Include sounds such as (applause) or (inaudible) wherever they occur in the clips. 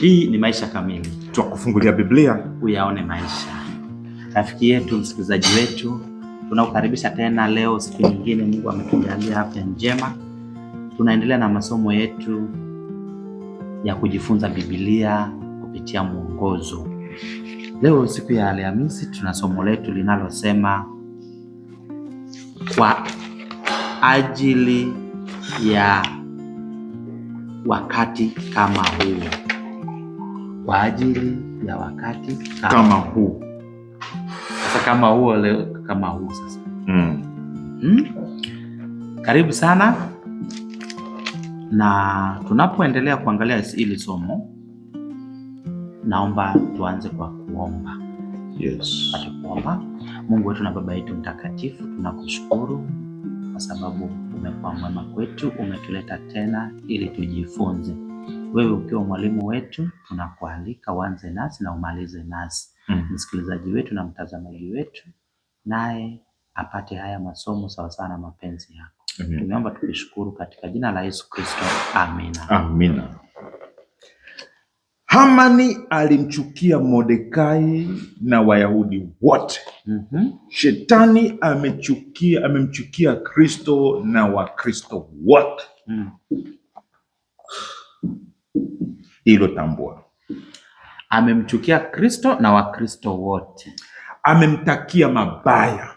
Hii ni Maisha Kamili, kufungulia Biblia uyaone maisha. Rafiki yetu, msikilizaji wetu, tunakukaribisha tena leo, siku nyingine. Mungu ametujalia afya njema, tunaendelea na masomo yetu ya kujifunza Biblia kupitia mwongozo. Leo siku ya Alhamisi tuna somo letu linalosema kwa ajili ya wakati kama huu kwa ajili ya wakati kama, kama huu sasa, kama huo leo, kama huu sasa mm. Mm. Karibu sana na tunapoendelea kuangalia hili somo, naomba tuanze kwa kuomba. Yes. Kuomba. Mungu wetu na Baba yetu mtakatifu, tunakushukuru kwa sababu umekuwa mwema kwetu, umetuleta tena ili tujifunze wewe ukiwa mwalimu wetu, tunakualika uanze nasi na umalize nasi. mm -hmm. Msikilizaji wetu na mtazamaji wetu naye apate haya masomo sawasawa na mapenzi yako. Tumeomba tukishukuru katika jina la Yesu Kristo, amina. Amina. Hamani alimchukia modekai na Wayahudi wote. mm -hmm. Shetani amechukia, amemchukia Kristo na Wakristo wote. mm tambua. Amemchukia Kristo na Wakristo wote, amemtakia mabaya.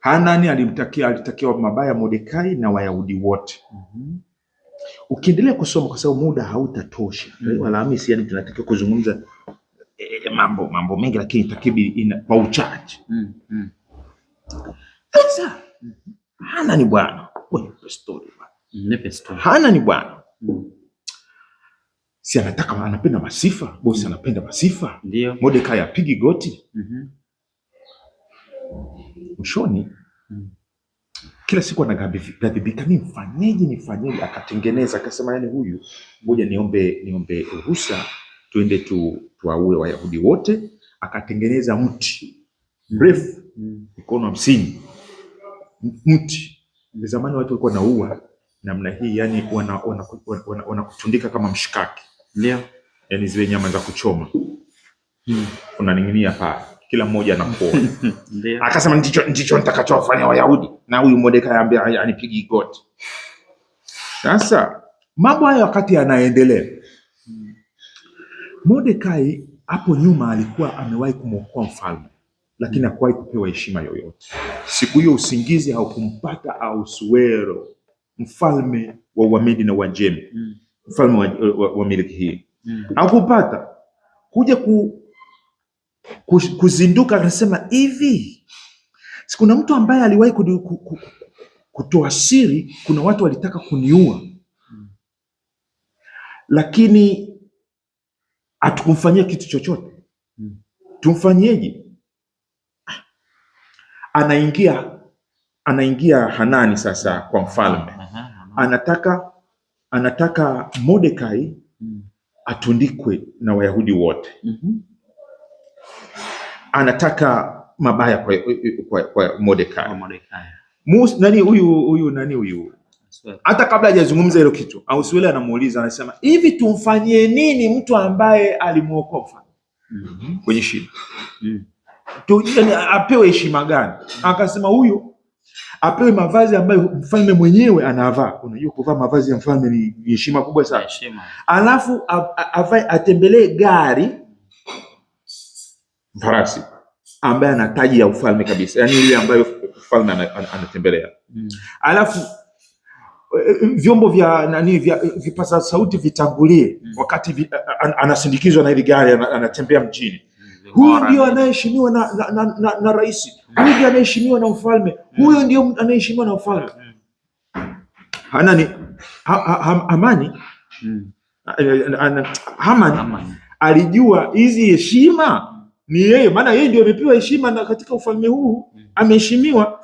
Hanani alimtakia, alitakia mabaya Mordekai na Wayahudi wote. mm -hmm. Ukiendelea kusoma kwa sababu muda hautatosha. mm -hmm. Alhamisi, yani tunatakiwa kuzungumza eh, mambo mambo mengi, lakini takibi kwa uchache. mm -hmm. Hanani bwana, nipe story bwana, nipe stori. Hanani bwana mm -hmm si anataka anapenda masifa bosi, mm. anapenda masifa. Ndio Mordekai apigi goti mhm. mwishoni. mm -hmm. mm. Kila siku anagadhibika, ni Nifanyeje? Akatengeneza akasema, yani huyu ngoja niombe, niombe ruhusa tuende tu, tuwaue Wayahudi wote. Akatengeneza mti mm. mrefu mm. mikono mm. hamsini, mti zamani watu walikuwa naua namna hii, yani wanakutundika wana, wana, wana kama mshikaki ndio. Yaani zile nyama za kuchoma mm. unaning'inia pa kila mmoja anakuona (laughs) akasema, ndicho ndicho nitakachowafanya Wayahudi na huyu Mordekai anambia anipigi goti. Sasa mambo haya wakati yanaendelea, Mordekai hapo nyuma alikuwa amewahi kumwokoa mfalme lakini hmm. hakuwahi kupewa heshima yoyote. Siku hiyo usingizi haukupata Ahasuero, mfalme wa Uamedi na Uajemi mm mfalme wa, wa, wa miliki hii mm. Akupata kuja ku, ku, kuzinduka, akasema hivi, si kuna mtu ambaye aliwahi ku, ku, ku, kutoa siri, kuna watu walitaka kuniua lakini hatukumfanyia kitu chochote mm. Tumfanyieje? Anaingia anaingia Hanani sasa kwa mfalme, anataka anataka Mordekai mm. atundikwe na Wayahudi wote mm -hmm. anataka mabaya kwa, kwa, kwa Mordekai. Mus, nani huyu huyu nani huyu hata kabla hajazungumza hilo kitu Ahasuero anamuuliza anasema, hivi tumfanyie nini mtu ambaye alimuokoa mfalme mm -hmm. kwenye shida mm. tu, apewe heshima gani? Mm. Akasema huyu apewe mavazi ambayo mfalme mwenyewe anavaa. Unajua, kuvaa mavazi ya mfalme ni heshima kubwa sana, heshima. Alafu avae, atembelee gari farasi ambaye ana taji ya ufalme kabisa, yaani ile ambayo ufalme anatembelea. Mm. Alafu e, e, vyombo vya nani vya vipaza sauti vitangulie, mm. wakati vi, an, anasindikizwa na hili gari anatembea mjini huyu ndio anayeheshimiwa na, na, na, na, na rais. Huyu ndio anayeheshimiwa na mfalme. huyo ndio anayeheshimiwa na mfalme. Hanani amani Haman alijua hizi heshima ni yeye, maana yeye ndio amepewa heshima na katika ufalme huu ameheshimiwa.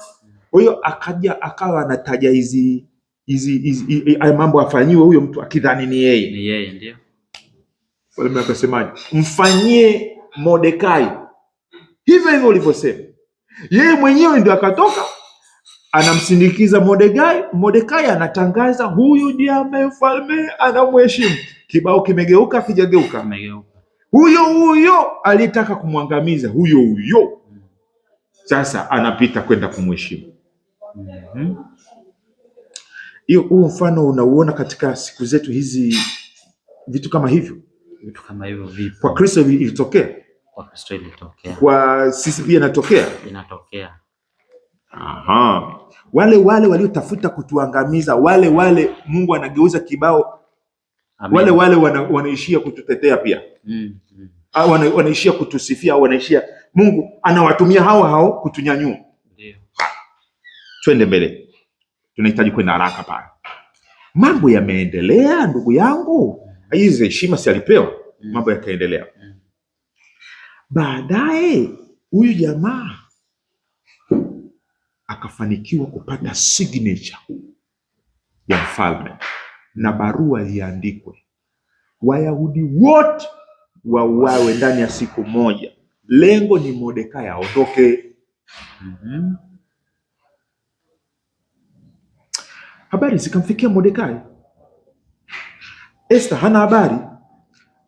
Kwa hiyo akaja akawa anataja hizi hizi mambo afanyiwe huyo mtu akidhani ni yeye. Ni yeye ndio. Mfalme akasemaje? Mfanyie Mordekai, hivyo hivyo ulivyosema. Yeye mwenyewe ndio akatoka anamsindikiza Mordekai. Mordekai anatangaza huyu ndiye mfalme, anamheshimu. Kibao kimegeuka, kijageuka, huyo huyo aliyetaka kumwangamiza, huyo huyo sasa anapita kwenda kumheshimu. mm hiyo -hmm. Huu mfano unauona katika siku zetu hizi, vitu kama hivyo, vitu kama hivyo vipo kwa Kristo ilitokea kwa Kristo ilitokea. Kwa sisi pia inatokea, inatokea. Aha. Wale wale waliotafuta kutuangamiza, wale wale Mungu anageuza kibao. Amen. Wale wale wana, wanaishia kututetea pia mm, mm. wana, wanaishia kutusifia au wanaishia, Mungu anawatumia hawa hao kutunyanyua. Ndio. Twende mbele, tunahitaji kwenda haraka pale. Mambo yameendelea ndugu yangu, hizi heshima si alipewa, mm. mambo yakaendelea. Mm. Baadaye huyu jamaa akafanikiwa kupata signature ya mfalme na barua iandikwe, Wayahudi wote wauawe ndani ya siku moja. Lengo ni Mordekai aondoke. mm -hmm. Habari zikamfikia Mordekai. Esther hana habari.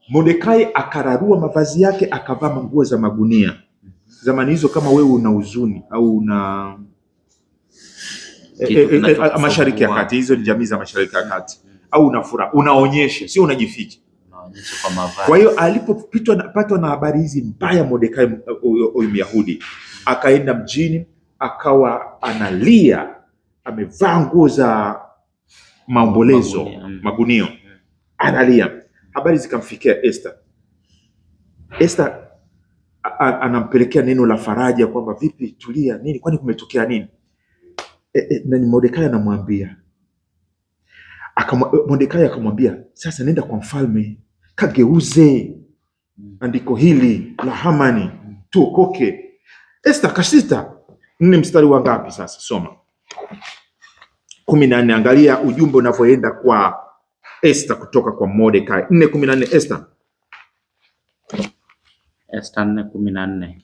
Mordekai akararua mavazi yake akavaa manguo za magunia. Zamani hizo kama wewe una huzuni au una e, e, e, mashariki ya kati, hizo ni jamii za mashariki ya kati mm -hmm. au una furaha, unaonyesha, sio unajificha. Kwa hiyo alipopitwa napatwa na habari hizi mbaya, Mordekai huyu Myahudi akaenda mjini akawa analia, amevaa nguo za maombolezo mm. magunio, analia habari zikamfikia Esther. Esther anampelekea neno la faraja kwamba vipi, tulia nini, kwani kumetokea nini? E, e, na ni Mordekai anamwambia e, Mordekai akamwambia, sasa nenda kwa mfalme kageuze andiko hili la Hamani tuokoke. Esther kasita nne mstari wa ngapi? Sasa soma kumi na nne. Angalia ujumbe unavyoenda kwa Esta kutoka kwa Mordekai. 4:14 Esta. Esta 4:14.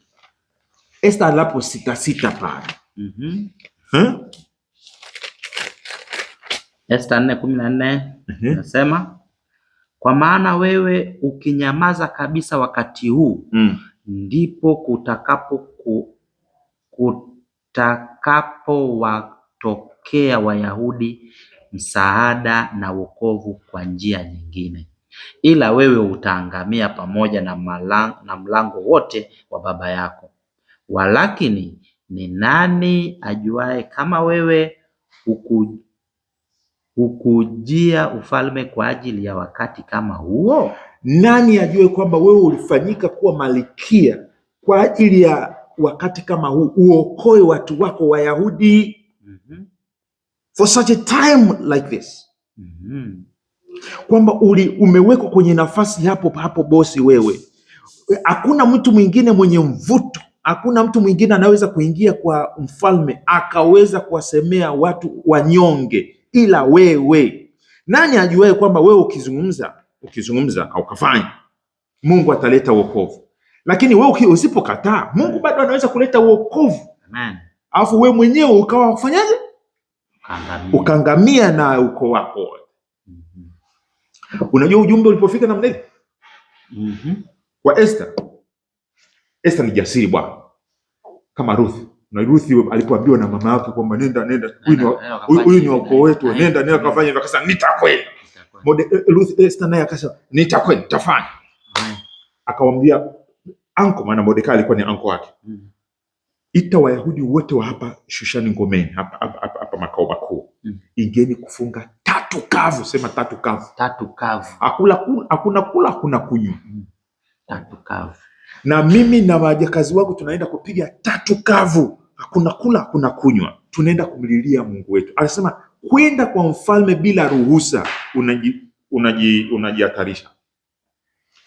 Esta alapo sita sita pale. Mhm. Eh? Esta 4:14 nasema kwa maana wewe ukinyamaza kabisa wakati huu mm. ndipo kutakapo ku, kutakapo watokea Wayahudi msaada na wokovu kwa njia nyingine, ila wewe utaangamia pamoja na malango, na mlango wote wa baba yako. Walakini ni nani ajuaye kama wewe huku hukujia ufalme kwa ajili ya wakati kama huo? Nani ajue kwamba wewe ulifanyika kuwa malikia kwa ajili ya wakati kama huu, uokoe watu wako Wayahudi? for such a time like this kwamba uli umewekwa kwenye nafasi hapo hapo, bosi wewe. Hakuna mtu mwingine mwenye mvuto, hakuna mtu mwingine anaweza kuingia kwa mfalme akaweza kuwasemea watu wanyonge ila wewe. Nani ajuae kwamba wewe ukizungumza ukizungumza au kafanya, Mungu ataleta wokovu. lakini wewe usipokataa, Mungu bado anaweza kuleta uokovu, alafu wewe mwenyewe ukawa kufanyaje ukangamia na ukoo wako wote. mm -hmm. Unajua ujumbe ulipofika namna hiyo mm kwa Esther. Esther ni jasiri bwana, kama Ruth na Ruth alipoambiwa na mama yake kwamba nenda nenda, huyu ni wako wetu, nenda nenda kafanya hivyo, akasema nitakwenda. Eh, Ruth Esther naye akasema nitakwenda, tafanya, Akamwambia anko, maana Mordekai alikuwa ni anko wake mm -hmm ita Wayahudi wote wa hapa Shushani Ngomeni, hapa, hapa, hapa, hapa makao makuu mm. Ingeni kufunga tatu kavu, sema tatu kavu, tatu kavu, hakuna kula, hakuna kunywa mm. tatu kavu. Na mimi na wajakazi wangu tunaenda kupiga tatu kavu, hakuna kula, hakuna kunywa, tunaenda kumlilia Mungu wetu. Anasema kwenda kwa mfalme bila ruhusa unaji unajihatarisha, unaji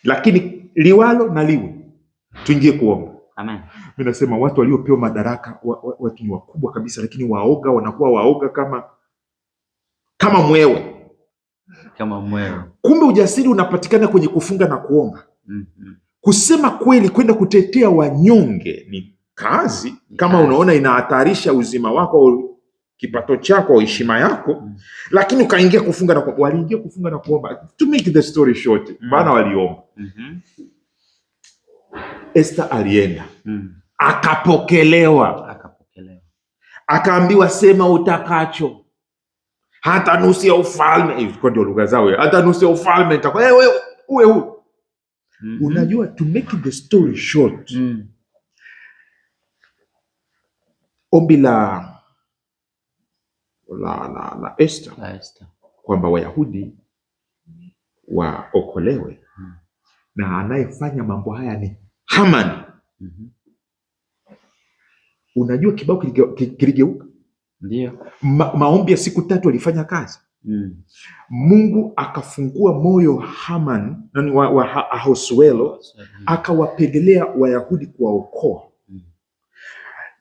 lakini liwalo na liwe tuingie kuomba Amen. Mimi nasema watu waliopewa madaraka wa, wa, watu ni wakubwa kabisa, lakini waoga wanakuwa waoga kama kama mwewe kama mwewe. Kumbe ujasiri unapatikana kwenye kufunga na kuomba. mm -hmm. Kusema kweli, kwenda kutetea wanyonge ni kazi ni kama kazi. Unaona inahatarisha uzima wako, au kipato chako, au heshima yako. mm -hmm. Lakini ukaingia kufunga na kuomba. Waliingia kufunga na kuomba, to make the story short, maana mm -hmm. waliomba mm -hmm. Esta alienda mm. akapokelewa, akapokelewa, akaambiwa sema utakacho hata nusu ya ufalme. Eh, ndio lugha zao, hata nusu ya ufalme nitakuwa eh, wewe uwe huu. mm -hmm. Unajua, to make the story short mm. ombi la la, la, la Esther, la Esther. kwamba Wayahudi waokolewe mm. na anayefanya mambo haya ni Hamani. mm -hmm. Unajua kibao kiligeuka, ndio Ma, maombi ya siku tatu alifanya kazi. mm. Mungu akafungua moyo Hamani wa, wa mm. akawapendelea Wayahudi kuwaokoa. mm.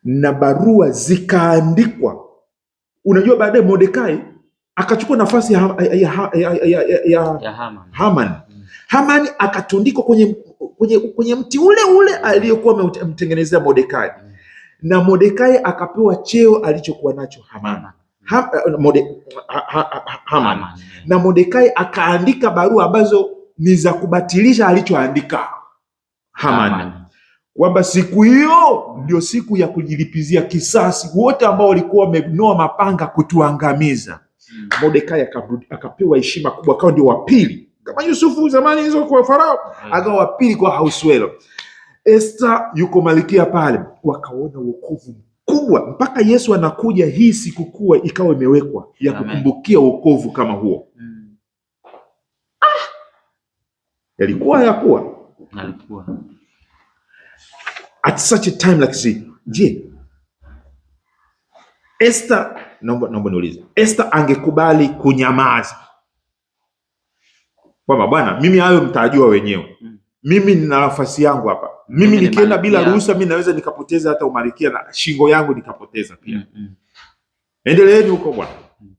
na barua zikaandikwa. Unajua baadaye Mordekai akachukua nafasi ya, ya, ya, ya, ya, ya, ya Mm. Hamani akatundikwa kwenye, kwenye, kwenye mti ule ule aliyekuwa amemtengenezea Mordekai na Mordekai akapewa cheo alichokuwa nacho Hamani. Ha, eh, mode, ha, ha, ha, Hamani na Mordekai akaandika barua ambazo ni za kubatilisha alichoandika Hamani, kwamba siku hiyo ndio siku ya kujilipizia kisasi wote ambao walikuwa wamenoa mapanga kutuangamiza. Hmm. Mordekai akapewa heshima kubwa, akawa ndio wa pili kama Yusufu zamani hizo kwa Farao, mm. akawa wa pili kwa Ahasuero. Esta yuko malikia pale, wakaona wokovu mkubwa mpaka Yesu anakuja, hii sikukuu ikawa imewekwa ya kukumbukia wokovu kama huo. Hmm. Ah! yalikuwa yakuwa Nalikuwa. At such a time like this, je, Esta, naomba naomba niulize, Esta angekubali kunyamaza kwamba bwana, mimi hayo mtajua wenyewe mm. mimi nina nafasi yangu hapa mimi, mimi nikienda bila ruhusa mi naweza nikapoteza hata umalikia na shingo yangu nikapoteza pia mm -hmm. Endeleeni huko bwana mm.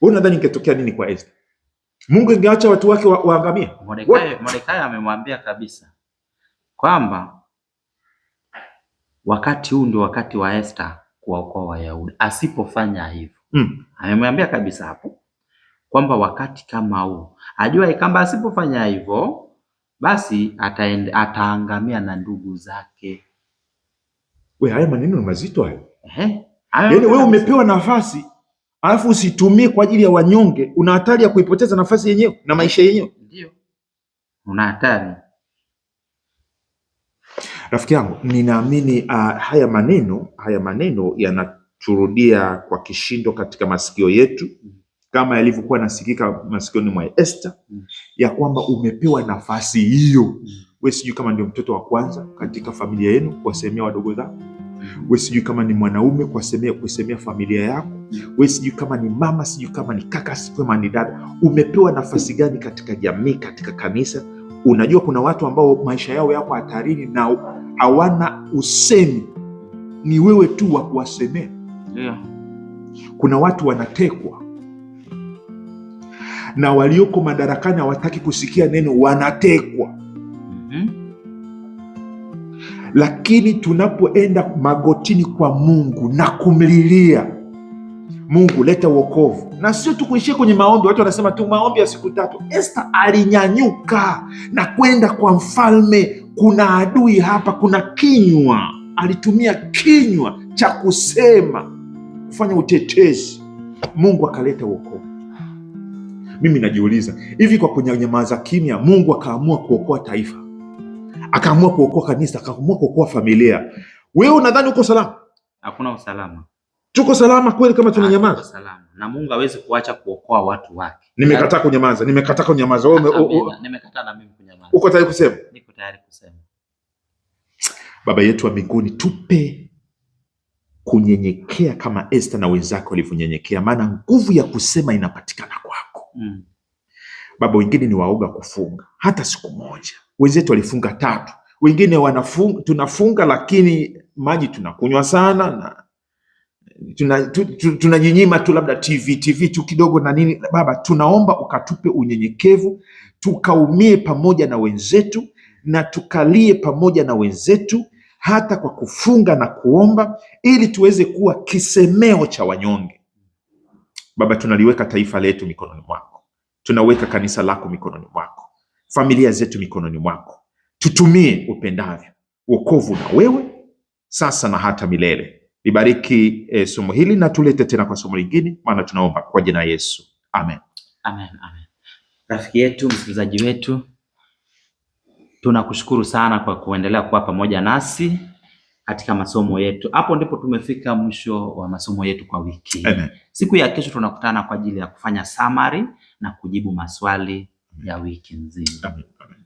Wewe unadhani ingetokea nini kwa Esther? Mungu ingeacha watu wake wa, waangamie? Mordekai amemwambia kabisa kwamba wakati huu ndio wakati wa Esther kuwaokoa Wayahudi asipofanya hivyo mm. amemwambia kabisa hapo kwamba wakati kama huu ajua kwamba asipofanya hivyo basi ataende, ataangamia na ndugu zake. We, haya maneno ni mazito hayo. Ehe, yaani wewe umepewa nafasi alafu usitumie kwa ajili ya wanyonge, una hatari ya kuipoteza nafasi yenyewe na maisha yenyewe. Ndio una hatari rafiki yangu. Ninaamini uh, haya maneno haya maneno yanaturudia kwa kishindo katika masikio yetu. Mm kama yalivyokuwa nasikika masikioni mwa Esther mm. ya kwamba umepewa nafasi hiyo. Mm. Wewe sijui kama ndio mtoto wa kwanza katika familia yenu kuwasemea wadogo zako, mm. wewe sijui kama ni mwanaume kuwasemea kusemea familia yako, wewe sijui kama ni mama, sijui kama ni kaka, sijui kama ni dada. Umepewa nafasi gani katika jamii, katika kanisa? Unajua kuna watu ambao maisha yao yako hatarini na hawana usemi, ni wewe tu wa kuwasemea. Yeah. Kuna watu wanatekwa na walioko madarakani hawataki kusikia neno, wanatekwa. mm -hmm. Lakini tunapoenda magotini kwa Mungu na kumlilia Mungu, leta uokovu, na sio tu kuishia kwenye maombi. Watu wanasema tu maombi ya siku tatu. Esta alinyanyuka na kwenda kwa mfalme. Kuna adui hapa, kuna kinywa, alitumia kinywa cha kusema, kufanya utetezi. Mungu akaleta uokovu. Mimi najiuliza hivi, kwa kunyanyamaza kimya Mungu akaamua kuokoa taifa, akaamua kuokoa kanisa, akaamua kuokoa familia. Wewe unadhani uko salama? Hakuna usalama. Tuko salama kweli kama tunanyamaza? Salama. Na Mungu hawezi kuacha kuokoa watu wake. Nimekataa kunyamaza, nimekataa kunyamaza. Wewe nimekataa na mimi kunyamaza. Uko tayari kusema? Niko tayari kusema. Baba yetu wa mbinguni, tupe kunyenyekea kama Esther na wenzake walivyonyenyekea, maana nguvu ya kusema inapatikana mm. Baba, wengine ni waoga kufunga hata siku moja. Wenzetu walifunga tatu, wengine wanafunga, tunafunga lakini maji tunakunywa sana na tunajinyima tu, labda TV TV tu kidogo na nini. Baba, tunaomba ukatupe unyenyekevu, tukaumie pamoja na wenzetu na tukalie pamoja na wenzetu, hata kwa kufunga na kuomba, ili tuweze kuwa kisemeo cha wanyonge Baba, tunaliweka taifa letu mikononi mwako, tunaweka kanisa lako mikononi mwako, familia zetu mikononi mwako, tutumie upendavyo. Wokovu na wewe sasa na hata milele. Libariki eh, somo hili na tulete tena kwa somo lingine, maana tunaomba kwa jina Yesu, amen. Amen, amen. Rafiki yetu, msikilizaji wetu, tunakushukuru sana kwa kuendelea kuwa pamoja nasi katika masomo yetu. Hapo ndipo tumefika mwisho wa masomo yetu kwa wiki. Amen. Siku ya kesho tunakutana kwa ajili ya kufanya summary na kujibu maswali Amen. ya wiki nzima. Amen. Amen.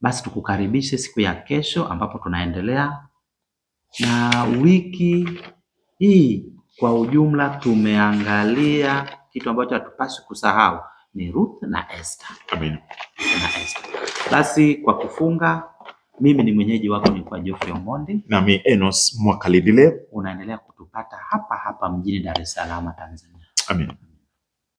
Basi tukukaribishe siku ya kesho ambapo tunaendelea na wiki hii. Kwa ujumla tumeangalia kitu ambacho hatupaswi kusahau ni Ruth na Esther. Amen. Na Esther. Basi kwa kufunga mimi ni mwenyeji wako ni kwa Geoffrey Omondi nami Enos Mwakalidile. Unaendelea kutupata hapa hapa mjini Dar es Salaam, Tanzania. Amen.